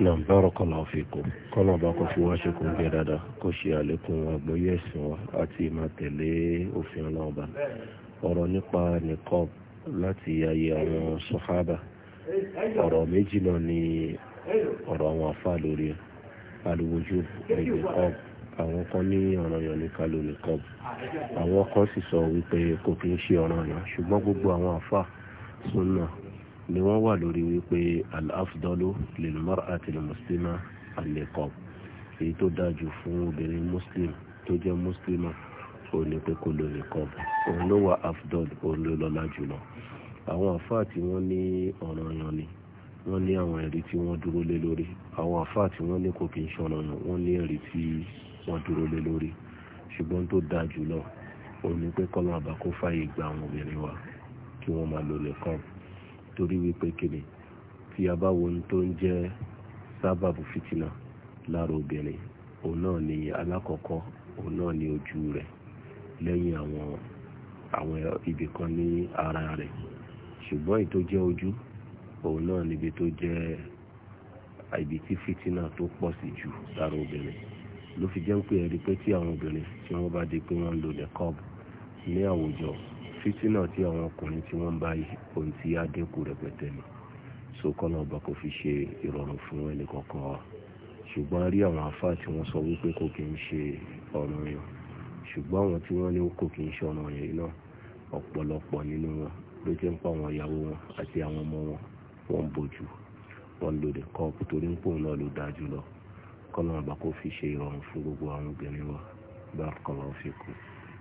náà barakallahu fikum kọ́nà bá kó fi wá ṣekùn bí dáadáa kó ṣe àlékún àgbọ́yé ẹ̀sìn wa àti máa tẹ̀lé òfin ọlọ́ọ̀bà ọ̀rọ̀ nípa nìkọ́ láti ayé àwọn sàhábà ọ̀rọ̀ méjì náà ni ọ̀rọ̀ àwọn afá lórí ẹ̀ alùwòjú ẹ̀gbẹ̀ kọ́b àwọn kan ní ọ̀ràn yàn ní kálò nìkọ́b àwọn kan sì sọ wípé kò kí ń ṣe ọ̀ràn yàn ṣùgbọ́n gbogbo àwọn afá sunna ni wọ́n wà lórí wípé al-afdalu lil mar'ati al-muslima al-liqab èyí tó dájú fún obìnrin muslim tó jẹ́ muslima ò ní pé kó lo niqab òun ló wà afdal òun ló lọ́lá jùlọ àwọn àfáà tí wọ́n ní ọ̀ràn yàn ni wọ́n ní àwọn ẹ̀rí tí wọ́n dúró lé lórí àwọn àfáà tí wọ́n ní kò kí n ṣọ̀ràn yàn wọ́n ní ẹ̀rí tí wọ́n dúró lé lórí ṣùgbọ́n tó dáa jùlọ òun pé kọ́lọ́ àbá kó fàyè gba àwọn obìnrin wa kí wọ́n máa lo niqab torí wípé kìnnì tí a bá wo ohun tó ń jẹ́ sábàbù fìtínà lára obìnrin òun náà ni alákọ̀ọ́kọ́ òun náà ni ojú rẹ̀ lẹ́yìn àwọn àwọn ibì kan ní ara rẹ̀ ṣùgbọ́n èyí tó jẹ́ ojú òun náà níbi tó jẹ́ ibi tí fìtínà tó pọ̀ sí jù lára obìnrin ló fi jẹ́ ń pè é rí pé tí àwọn obìnrin tí wọ́n bá di pé wọ́n ń lo nìkọ́ọ̀bù ní àwùjọ fitina tí àwọn ọkùnrin tí wọ́n ń bá ohun tí á dínkù rẹpẹtẹ ni so kọ́nà ọba kò fi ṣe ìrọ̀rùn fún ẹnì kọ̀ọ̀kan wa ṣùgbọ́n a rí àwọn afá tí wọ́n sọ wípé kò kí ń ṣe ọ̀ràn yẹn ṣùgbọ́n àwọn tí wọ́n ní kò kí ń ṣe ọ̀ràn yẹn náà ọ̀pọ̀lọpọ̀ nínú wọn ló jẹ́ ń pa àwọn ìyàwó wọn àti àwọn ọmọ wọn wọ́n bójú wọ́n lò dé kọ́ọ̀pù torí ń pò náà ló dáa jùlọ kọ́nà ọba kò fi ṣe ìrọ̀rùn fún gbogbo àwọn obìnrin wa barakallahu fikum.